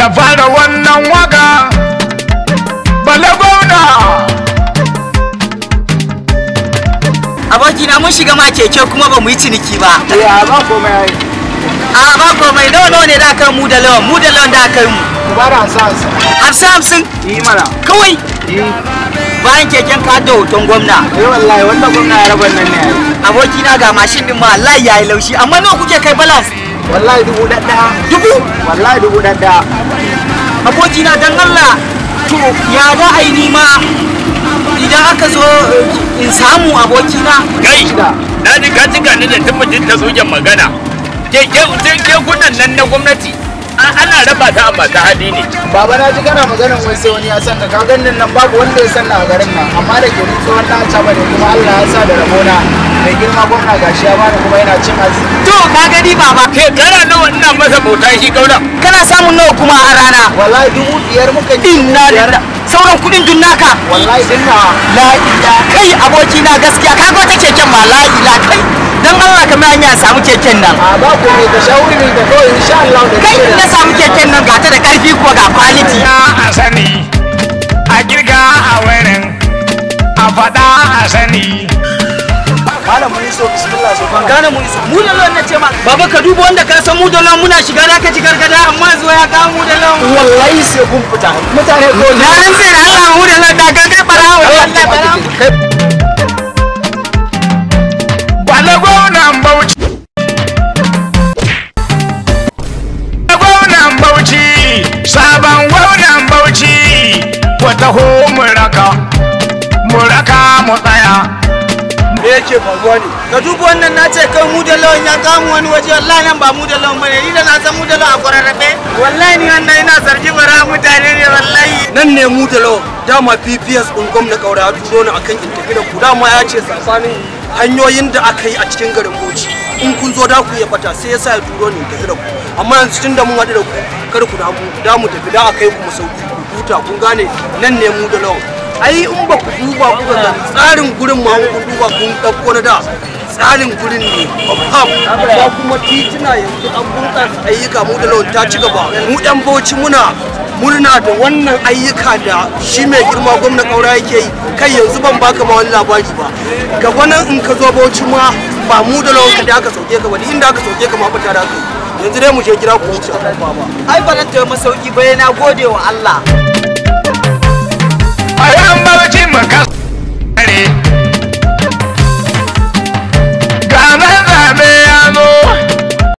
na fara wannan waka bala gwamna abokina mun shiga ma keke kuma ba mu yi ciniki ba ba komai a ba komai nawa nawa ne da kan mu da lawan mu da lawan da yi mu ku ba da hamsin hamsin hamsin yi mana kawai bayan keken ka da hoton gwamna. Eh wallahi wanda gwamna ya rabar nan ne. Abokina ga mashin din ma wallahi yayi laushi amma nawa kuke kai balance? wallahi dubu ɗaɗɗa dubu wallahi dubu ɗaɗɗa abokina dan Allah to ya da aini ma idan aka zo eh, in samu abokina kai na ji ka cika ni da tumujin ta sojan magana ke ke ke kunan nan na gwamnati ana raba ta amma ta hadi ne baba na ji kana maganar wai sai wani ya san ka ka ganin nan babu wanda ya san na garin nan amma da ke tsohon na caba ne kuma Allah ya sa da rabona mai girma gwamna gashi ya bani kuma yana cin arziki to ka gani baba ke kana nawa ina masa bauta shi kauna kana samun nawa kuma a rana wallahi dubu biyar muka ji inna da sauran kudin dun naka wallahi din na la ila kai aboki na gaskiya ka ga ta keken ma la ila kai dan Allah ka mai hanya samu keken nan a ba ku ne ka shawuri ne ka kawai insha Allah da kai sani mu da ma baba ka duba wanda ka san mu da lawan muna shiga da ka ji gargada amma yanzu ya ka mu da lawan wallahi sai kun fita mutane ko na ran sai Allah mu da lawan ka kai barawo wallahi barawo wala gona bauchi sabon gwamnan bauchi wata ho yake faruwa ne ka duba wannan na ce kai mu da lawan ya kamu wani waje wallahi nan ba mu da lawan bane ni da na san mu da lawan kwararrafe wallahi ni wannan ina zargi bara mutane ne wallahi nan ne mu da lawan dama PPS din gwamnati kaura ya turo ni akan in tafi da ku dama ya ce tsakanin hanyoyin da aka yi a cikin garin Bauchi in kun zo da ku ya fata sai ya sa ya turo ni tafi da ku amma yanzu tun da mun haɗu da ku kar ku damu da mu tafi da aka yi ku mu sauki ku huta kun gane nan ne mu da lawan ai in ba ku duba ku ga tsarin gurin ma ku duba kun dauko na da tsarin gurin ne babban ba kuma titina yanzu an bunƙasa ayyuka mu da lawan ta ci gaba mu dan bauchi muna murna da wannan ayyuka da shi mai girma gwamna kaura yake yi kai yanzu ban baka ma wani labari ba gaba nan in ka zo bauchi ma ba mu da lawan ka da aka sauke ka ba inda aka sauke ka ma ba ta yanzu dai mu je gida ku wuce ai ba ta masauki ba na gode wa Allah baka